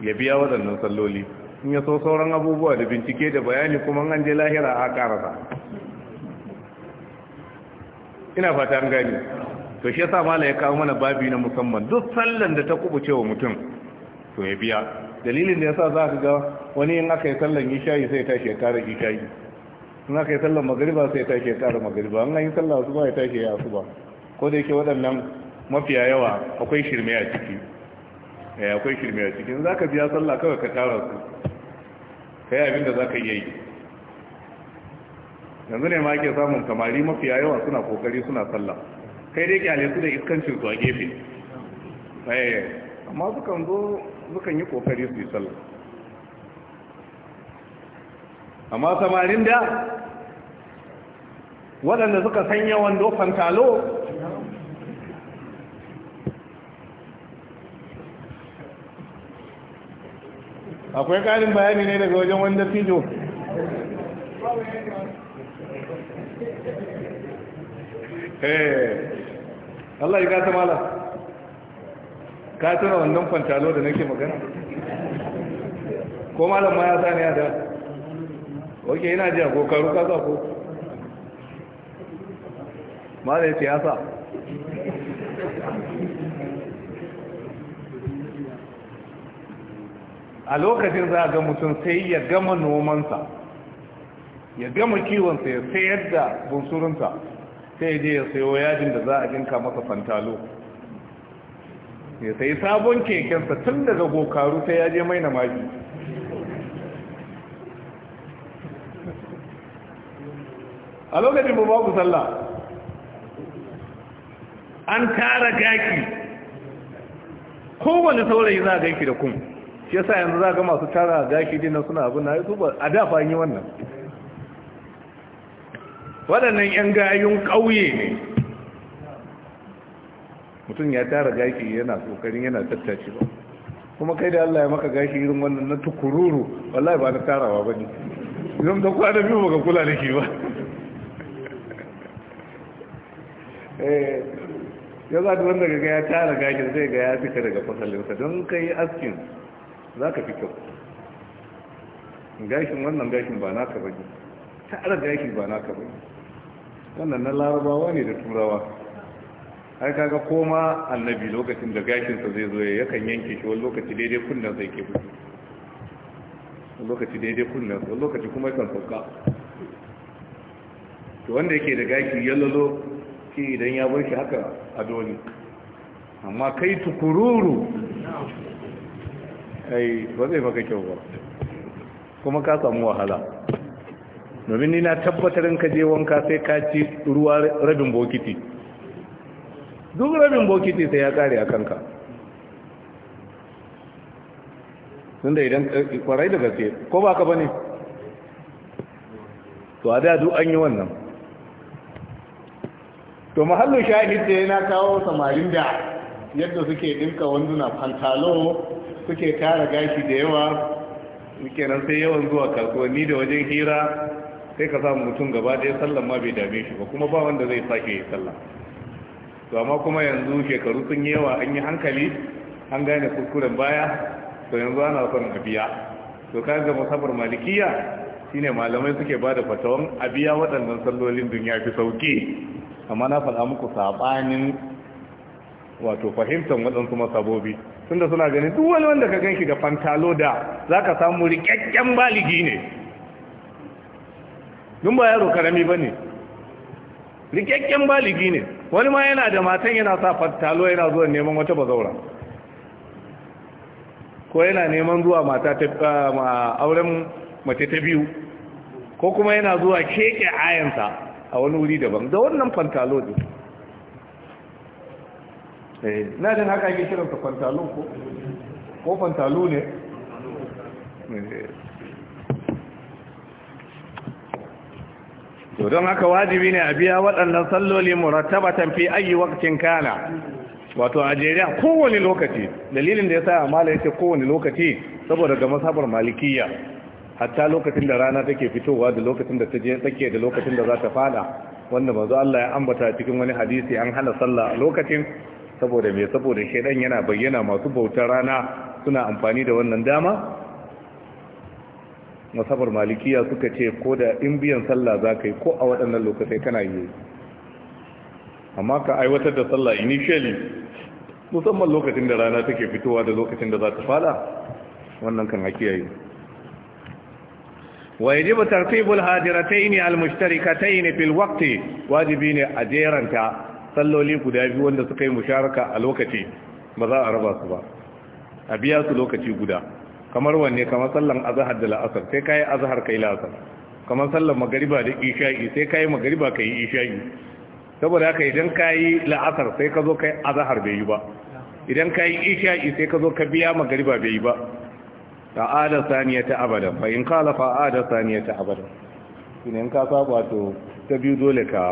ya biya waɗannan salloli in ya so sauran abubuwa da bincike da bayani kuma an je lahira a ƙarasa ina fata an gani to shi yasa mala ya kawo mana babi na musamman duk sallan da ta kubuce wa mutum to ya biya dalilin da yasa za ka ga wani in aka yi sallan ishayi sai tashi ya kara yi. in aka yi sallan magariba sai tashi ya kara magariba in an yi sallan asuba ya tashi ya asuba ko da yake waɗannan mafiya yawa akwai shirme a ciki eh akwai shirme a ciki za ka biya sallah kawai ka tara su kai abin da za ka yi yanzu ne ma ake samun kamari mafiya yawa suna kokari suna sallah kai dai kyale su da iskancin su a gefe eh amma sukan zo sukan yi kokari su yi sallah amma samarin da waɗanda suka sanya wando fantalo akwai ƙarin bayani ne daga wajen wanda fijo eh, Allah ya gata mala ka tuna wannan kwantalo da nake magana ko malam ma ya sani ya da oke ina ji abokaru ka sa ko malam ya ya sa a lokacin za a ga mutum sai ya gama nomansa ya gama kiwonsa ya sayar da bunsurinsa sai je ya sayo yajin da za a jinka masa fantalo ya sai sabon kekensa tun daga gokaru sai ya je mai na magi a lokacin ba ku sallah an tara gaki kowane saurayi za a gaiki da kuma shi yasa yanzu za ga masu tara gashi dinan suna abu na su ba a dafa yi wannan waɗannan 'yan gayun ƙauye ne mutum ya tara gashi yana ƙoƙarin yana tattaci ba kuma kai da Allah ya maka gashi irin wannan na tukururu wallahi ba na tarawa ba ne zan ta kwana biyu ga kula da shi ba (laughs) eh, ya za ta wanda ga ya tara gashi zai ga ya fita daga fasalinsa don kai askin za ka fi kyau gashin wannan gashin ba naka bane ta'ar gashi ba naka bane wannan na larabawa ne da turawa ai kaga koma annabi lokacin da gashinsa zai zo ya kan yanke shi wani lokaci daidai kunnen sai ke wani lokaci daidai kunnen wani lokaci kuma kan sauka to wanda yake da gashi yallalo shi idan ya bar shi haka a doni amma kai tukururu ai ba zai maka kyau ba kuma ka samu wahala domin ni na tabbatar ka je wanka sai ka ci ruwa rabin bokiti duk rabin bokiti sai ya kare a kanka da idan eh, kwarai da gaske ko ba ka ba ne to a da duk an yi wannan to mahallin shahid da yana kawo samarin da yadda suke dinka wanduna pantalo suke tara gashi da yawa nan sai yawan zuwa kasuwanni da wajen hira sai ka samu mutum gaba ɗaya sallan ma bai dame shi ba kuma ba wanda zai sake yi sallan to amma kuma yanzu shekaru sun yi yawa an yi hankali an gane kuskuren baya to yanzu ana son a biya to ga musabar malikiya shine malamai suke bada fatawan a biya waɗannan sallolin duniya fi sauki amma na faɗa muku sabanin wato fahimtar waɗansu masabobi tunda suna ganin duk wani wanda ka ganki da fantalo da za ka samu rikakken baligi ne dun ba yaro karami ba ne rikakken baligi ne wani ma yana da matan yana sa fantalo yana zuwa neman wata bazaura ko yana neman zuwa mata ta ah, auren mace ta biyu ko kuma yana zuwa keke ayansa a wani wuri daban da wannan fantalo ne Eh, na jin haka ake kiransa fantalon ko ko fantalo ne eh. to don haka wajibi ne a biya waɗannan salloli murattabatan fi ayi waqtin kana wato a jeriya kowane lokaci dalilin da ya sa amala ya ce kowane lokaci saboda ga masabar malikiya hatta lokacin da rana take fitowa da lokacin da ta je take da lokacin da za ta fada wanda manzo Allah ya ambata cikin wani hadisi an hana sallah a lokacin saboda me saboda shaidan yana bayyana masu bautar rana suna amfani da wannan dama masabar malikiya suka ce ko da in biyan sallah za ka yi ko a waɗannan lokacin kana yi amma ka aiwatar da sallah initially musamman lokacin da rana take fitowa da lokacin da za ta fada wannan kan haƙi yi wa yajibu tartibul hadiratayn al-mushtarikatayn fil waqti wajibi ne a jeranta salloli guda biyu wanda suka yi musharaka a lokaci ba za a raba su ba a biya su lokaci guda kamar wanne kamar sallan azhar da la'asar sai kai azhar kai la'asar kamar sallan magariba da isha'i sai kai magariba kai isha'i saboda haka idan kai la'asar sai ka zo kai azhar bai yi ba idan kai isha'i sai ka zo ka biya magariba bai yi ba ta'ada saniyata abadan fa in qala fa ada saniyata abadan in ka saba to ta biyu dole ka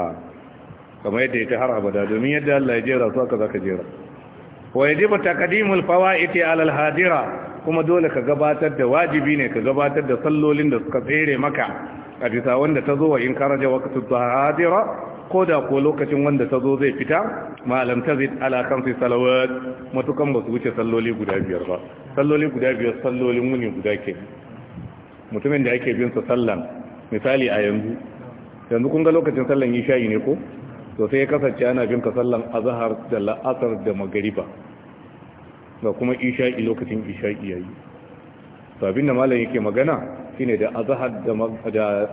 kamar yadda ya ta har abada domin yadda Allah ya jera su aka zaka jera wa yajibu taqdimul fawaiti alal hadira kuma dole ka gabatar da wajibi ne ka gabatar da sallolin da suka tsere maka a bisa wanda ta zo wa in karaja waqtu hadira ko da ko lokacin wanda ta zo zai fita malam tazid ala kamsi salawat matukan ba su wuce salloli guda biyar ba salloli guda biyar sallolin wuni guda ke mutumin da ake bin sa sallan misali a yanzu yanzu kun ga lokacin sallan shayi ne ko to sai ya kasance ana bin ka sallan azhar da la'asar da magariba ga kuma isha'i lokacin isha'i yayi to abinda malam yake magana shine da azhar da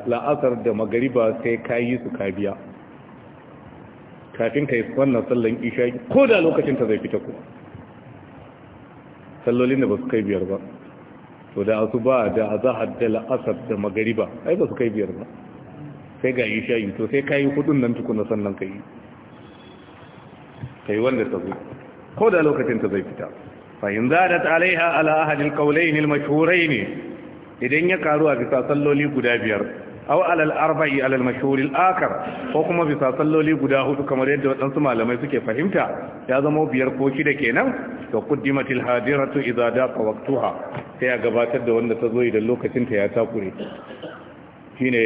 la'asar da magariba sai kayi su ka biya kafin kai wannan sallan isha'i ko da lokacin ta zai fita ko. sallolin da ba su kai biyar ba to da asuba da azhar da la'asar da magariba ai ba su kai biyar ba sai ga yi shayi to sai ka yi hudun nan tukuna sannan ka yi ka yi wanda ta zo ko da lokacin ta zai fita fahim da alaiha ala ahadil qawlayn mashurai ne. idan ya karu a bisa salloli guda biyar aw alal al arba'i ala al mashhur ko kuma bisa salloli guda hudu kamar yadda waɗansu malamai suke fahimta ya zama biyar ko shida kenan Da quddimatil hadiratu idza daqa waqtuha sai ya gabatar da wanda ta zo idan lokacin ta ya takure shine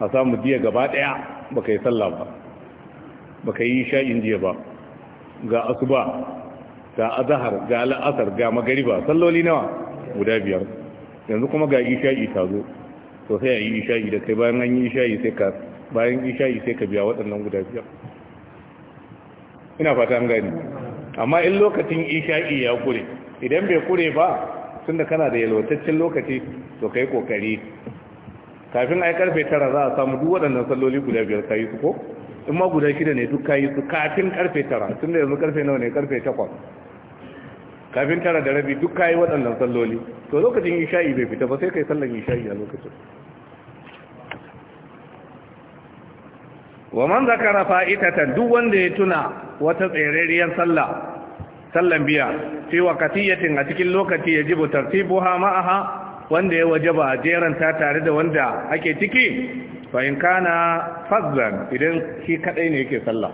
a samu jiya gaba daya ka yi sallah ba ba ka yi sha'in jiya ba ga asuba ga azahar ga la'asar ga magariba salloli nawa guda biyar yanzu kuma ga isha'i ta zo to sai a yi isha'i da kai bayan an yi isha'i sai ka bayan isha'i sai ka biya waɗannan guda biyar ina fata an gani amma in lokacin isha'i ya kure idan bai kure ba tun da kana da yalwataccen lokaci to kai kokari kafin ai karfe 9 za a samu duk waɗannan salloli guda biyar ka yi su ko in ma guda shida ne duk kayi su kafin karfe 9 tun da yanzu karfe nawa ne karfe 8 kafin tara da rabi duk kayi waɗannan salloli to lokacin isha'i bai fita ba sai kai sallan isha'i a lokacin wa man zakara fa'itatan duk wanda ya tuna wata tsereriyar sallah sallan biya fi waqatiyatin a cikin lokaci yajibu tartibuha ma'aha wanda ya ba a jeranta tare da wanda ake ciki fa'in kana fazzan idan shi kadai ne yake sallah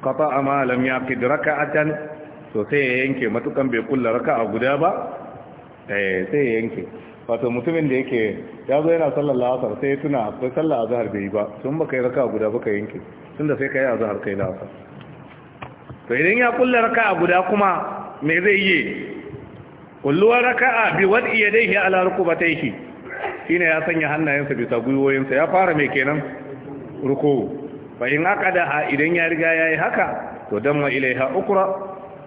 kafa a malam ya fi raka'atan to sai ya yanke matukan bai kulla raka'a guda ba eh, sai ya yanke wato mutumin da yake ya zo yana sallar la'asar sai ya tuna akwai sallar a zahar bai yi ba sun ba kai raka'a guda ba ka yanke Tunda sai kai azhar a zahar kai la'asar to idan ya kulla raka'a guda kuma me zai yi kulluwar raka'a bi wad yadayhi ala shi shine ya sanya hannayensa bisa gwiwoyinsa ya fara mai kenan ruku fa in aqada idan ya riga yayi haka to damma ilaiha ukra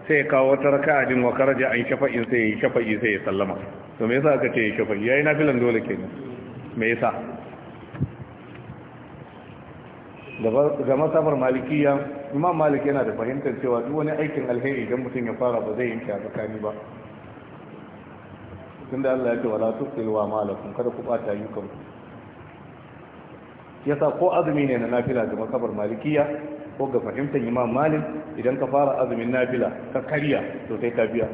sai kawo wata raka'a din wa karaja an shafa'in sai shafa'i sai ya sallama to me yasa aka ce shafa'i yayi filan dole kenan me yasa ga masafar malikiya imam malik yana da fahimtar cewa duk wani aikin alheri idan mutum ya fara ba zai yanke a tsakani ba tunda Allah ya ce wala tusilu wa malakun kada ku bata ayyukan yasa ko azumi ne na nafila ga makabar malikiya ko ga fahimtar imam malik idan ka fara azumin nafila ka karya to sai ka biya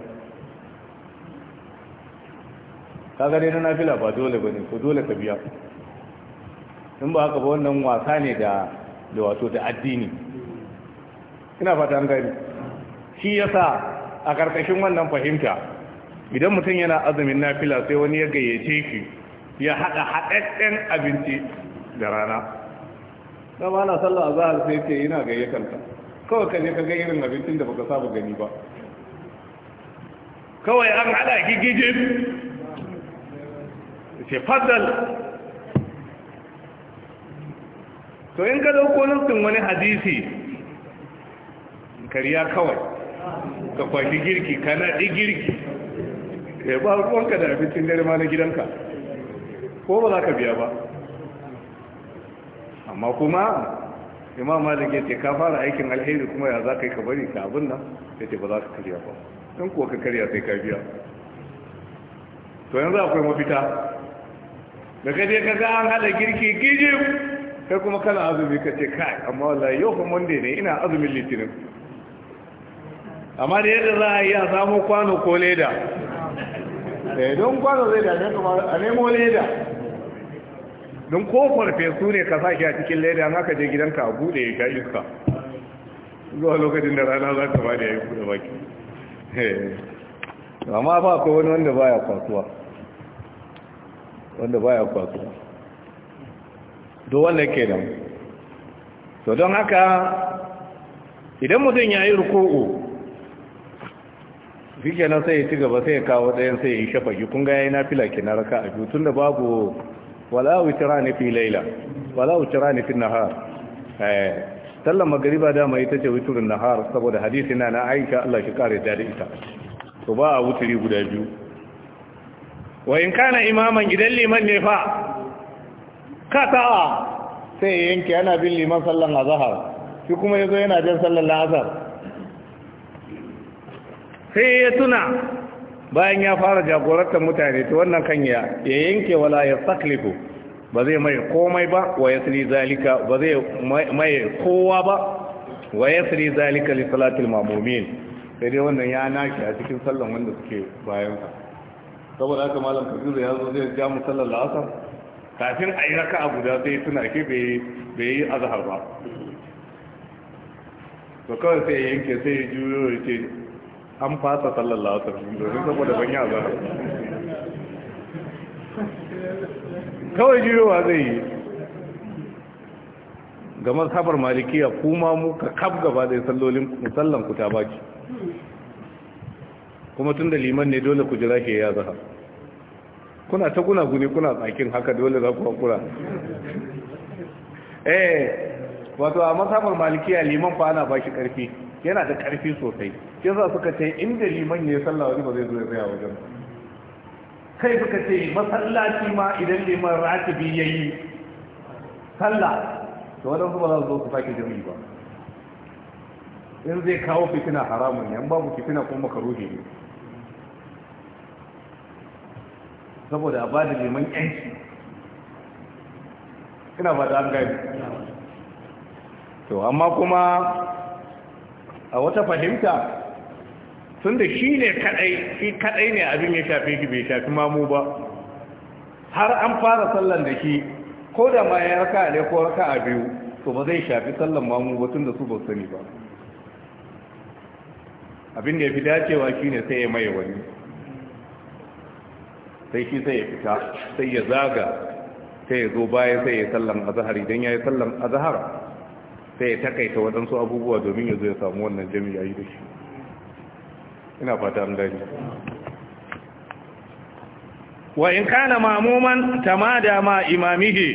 Ka dai na nafila ba dole bane ko dole ka biya in ba haka ba wannan wasa ne da da wato da addini ina fata an gani shi yasa a karkashin wannan fahimta idan mutum yana azumin nafila sai wani ya gayyace ki ya haɗa haɗaɗɗen abinci da rana da ba na sallah a zahar sai ce yana gayyakanta kawai ka je ka ga irin abincin da baka saba gani ba kawai an haɗa ki gijin ce fadal to in ka dauko nufin wani hadisi kariya kawai ka kwashi girki ka naɗi girki ya eh, ba ruwanka da abincin dare ma na gidanka ko ba za ka biya ba amma kuma imam malik ya ce ka fara aikin alheri kuma ya za ka yi ka bari ka abin nan ya ce ba za ka karya ba don kuwa ka karya sai ka biya to yanzu akwai mafita da kaje ka ga an hada girki gijim kai kuma kana azumi ka ce kai amma wallahi yau fa monday ne ina azumin litinin amma da yadda za a yi a samu kwano ko leda Eh, don kwano zai dame a nemo leda don kofar fesu ne ka sake a cikin leda an haka je gidanka a bude ya iska zuwa lokacin da rana za ta ba da ya yi bude baki eh, amma ba ko wani wanda baya kwasuwa wanda baya kwasuwa do wanda ke nan to don haka idan mutum ya yi ruku'u shi nan sai ya ci gaba sai ya kawo ɗayan sai ya yi shafaki kun ga ya yi na fila ke na raka a biyu tun da babu wala wuce rani fi laila wala wuce rani fi nahar tallan eh, magariba dama ita ce wuturin nahar saboda hadisi na na aisha Allah shi kare da ita to ba a wuturi guda biyu wa in kana imaman gidan liman ne fa Ka sa'a. sai ya yanke ana bin liman sallan azahar, shi kuma ya zo yana jan sallan azhar sai ya tuna bayan ya fara jagorantar mutane ta wannan kan ya yanke wala ya saklifu ba zai mai komai ba wa ya tsiri zalika ba zai mai kowa ba wa ya tsiri zalika li salatul mamomin sai dai wannan ya nashi a cikin sallan wanda suke bayan ka. saboda haka malam kabiru ya zo zai ja mu sallar la'asar kafin a yi raka a guda sai tuna ke bai yi azhar ba ba kawai sai yanke sai ya juyo ya ce an fasa sallallahu alaihi domin saboda ban yi azara kawai jirowa zai yi ga mazhabar malikiya kuma mu ka kaf gaba da sallolin musallan ku ta baki kuma tun da liman ne dole ku jira ke ya zaha kuna ta kuna guni kuna tsakin haka dole za ku hakura eh wato a mazhabar malikiya liman fa ana shi karfi yana da karfi sosai yasa suka ce inda liman ya sallah wani ba zai zo ya tsaya wajen kai suka ce masallaci ma idan liman ratibi ya yi sallah to su ba za su zo su sake jami'i ba in zai kawo fitina haramun ne babu fitina kuma makaruhi ne saboda a ba da liman yanki ina ba da an gani to amma kuma a wata fahimta sun da shi ne kadai shi kadai ne abin ya shafe shi bai shafi mamu ba har an fara sallan da shi ko da ma ya raka ne ko raka a biyu to ba zai shafi sallan mamu ba tun da su ba sani ba abin da ya fi dacewa shi ne sai ya maye wani sai shi sai ya fita sai ya zaga sai ya zo baya sai ya sallan azahar idan ya yi sallan azahar sai ya takaita waɗansu abubuwa domin ya zo ya samu wannan jami'a yi da shi ina fata an wa in kana mamuman tamada ma imamihi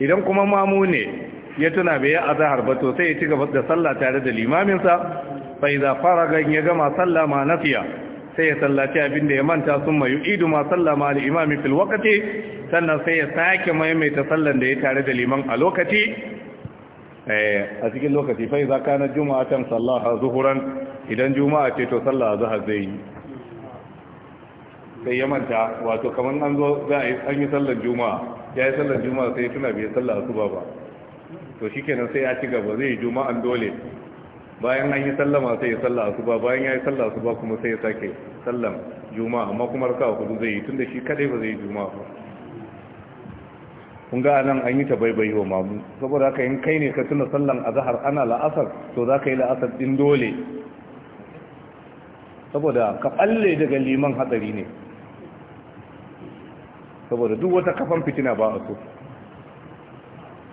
idan kuma mamu ne ya tuna bai azhar ba to sai ya ci gaba da sallah tare da limaminsa. sa fa idza faraga ya gama sallah ma nafiya sai ya sallaci abin da ya manta sun mai idu ma sallama da imami fil waqti sannan sai ya sake maimaita sallan da ya tare da liman a lokaci Eh, a cikin lokaci fai fa idza kana juma'atan sallaha zuhuran idan juma'a ce to sallah zahar zai yi sai ya manta wato kamar an zo za a yi sallar juma'a ya yi sallar juma'a sai tuna biya sallar su ba ba. to shikenan sai ya ci gaba zai yi juma'an dole bayan an yi sallama sai ya sallar ba, bayan ya yi sallar ba kuma sai ya sake sallar juma'a amma kuma raka'a hudu zai yi tunda shi kadai ba zai yi juma'a ba kun ga nan an yi ta baibayi wa mamu saboda haka in kai ne ka tuna sallan azhar ana la'asar to za ka yi la'asar din dole saboda ka balle daga liman hatsari ne saboda duk wata kafan fitina ba a so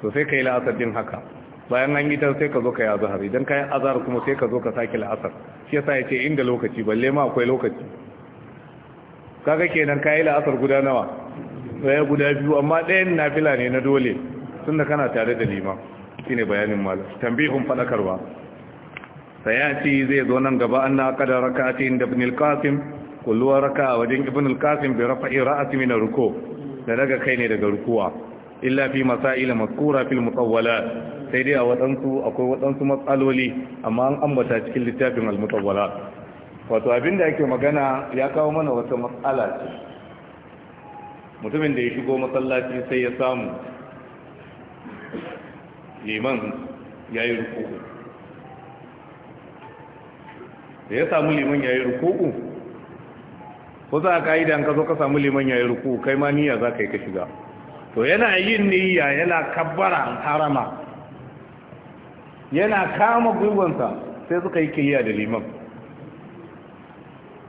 to sai ka yi la'asar din haka bayan an yi ta sai ka zo ka yi azhar idan ka yi azhar kuma sai ka zo ka sake la'asar shi yasa ya ce inda lokaci balle ma akwai lokaci kaga kenan ka yi la'asar guda nawa ya guda biyu amma ɗayan fila ne na dole tun da kana tare da lima. shi ne bayanin malam tambihun faɗakarwa sayati zai zo nan gaba an na kada raka'ati inda ibn al-qasim kulluwa raka'a wajen ibn al-qasim bi rafa'i ra'si min da daga kai ne daga rukuwa illa fi masail mazkura fil mutawwalat sai dai a wadansu akwai wadansu matsaloli amma an ambata cikin littafin al Wato wato abinda yake magana ya kawo mana wata matsala ce mutumin da ya shigo masallaci sai ya samu liman ya yi rukuku da ya samu liman ya yi rukuku ko za a ka'ida ka zo ka samu liman ya yi rukuku kai ma niyya za ka yi ka shiga to yana yin niyya yana kabbara harama yana kama gwiwansa sai suka yi kiyya da liman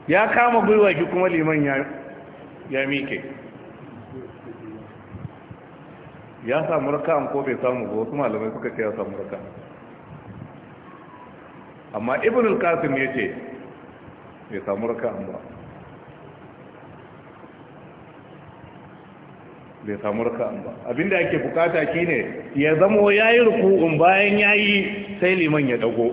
ya kama gwiwa shi kuma liman ya mike ya samu raka'an ko bai samu ba wasu malamai suka ce ya samu raka'an amma ibn al-qasim ya ce bai samu raka'an ba bai samu raka'an ba abinda yake bukata shine ya zamo yayi ruku'un bayan yayi sai liman ya dago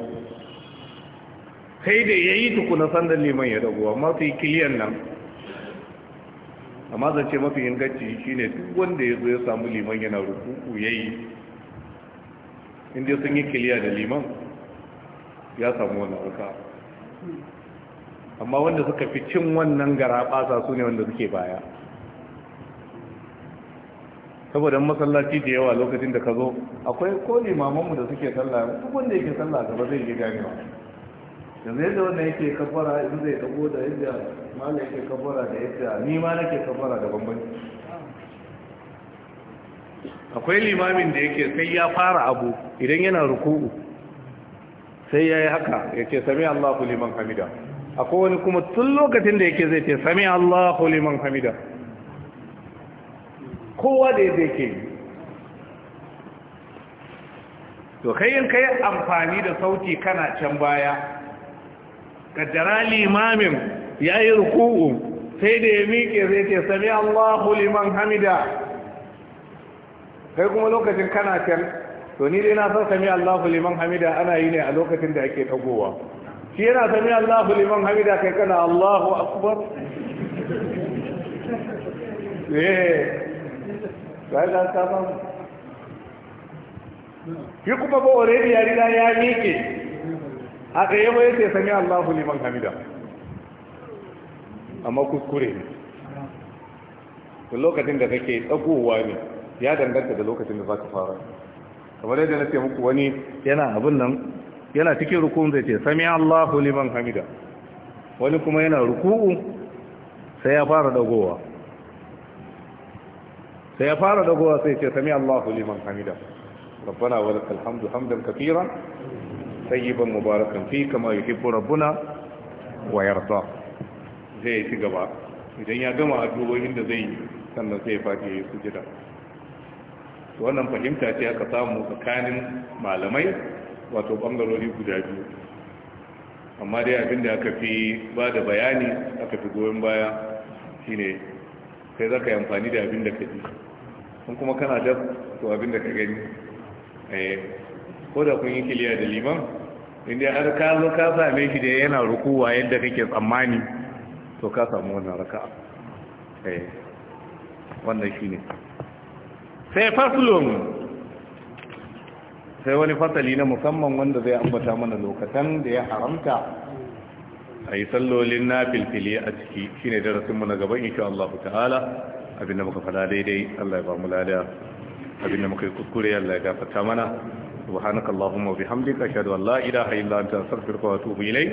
sai da yayi tukuna sandan liman ya dago amma sai kiliyan nan amma zance mafi inganci shine duk wanda ya zo ya samu liman yana rukuku ya yi inda sun yi kiliya da liman ya samu wani ruka amma wanda suka fi cin wannan gara su ne wanda suke baya saboda masallaci da yawa lokacin da ka zo akwai ko limamanmu da suke sallah duk wanda yake sallah gaba zai yi ganewa yanzu yadda wanda yake kafara in zai dago da yadda malai ke kafara da yadda ni ma nake kafara da bambanci akwai limamin da yake sai ya fara abu idan yana ruku'u sai ya yi haka ya ce sami Allahu liman hamida akwai wani kuma tun lokacin da yake zai ce sami Allahu liman hamida kowa da yadda yake yi to kai yin kai amfani da sauti kana can baya jira limamin ya yi ruku'u sai da ya miƙe zai ce sami allahu liman hamida kai kuma lokacin kana can to ni dai na san sami allahu liman hamida ana yi ne a lokacin da ake tagowa shi yana sami allahu liman hamida kai kana allahu akbar (laughs) eh shi kuma ba already ya ya miƙe a tsaye ba ya ce sami allahu liman hamida amma kuskure ne da lokacin da kake tsagowa ne ya danganta da lokacin da zaka fara kamar yadda na ce muku wani yana abin nan yana cikin rukun zai ce sami Allahu liman hamida wani kuma yana ruku'u sai ya fara dagowa sai ya fara dagowa sai ce sami Allahu liman hamida rabbana wa lakal hamdu hamdan katira tayyiban mubarakan fi kama yuhibbu rabbuna wa yarda zai yi ci gaba idan ya gama addu'o'in da zai yi sannan sai ya fadi ya yi sujada wannan fahimta ce aka samu tsakanin malamai wato bangarori guda biyu amma dai abin da aka fi ba da bayani aka fi goyon baya shine sai za ka yi amfani da abin da ka ji sun kuma kana da to abin da ka gani eh, ko da kun yi kiliya da liman inda har ka zo ka same shi da yana rukuwa yadda kake tsammani to ka samu wannan raka'a eh wannan shine sai faslun sai wani fasali na musamman wanda zai ambata mana lokacin da ya haramta a sallolin na filfili a ciki shi ne mu na gaba insha Allah ta'ala abinda muka fada daidai Allah ya ba mu abin abinda muka yi kuskure Allah ya gafarta mana subhanakallahumma bihamdika ashhadu an la ilaha illa anta astaghfiruka wa atubu ilayk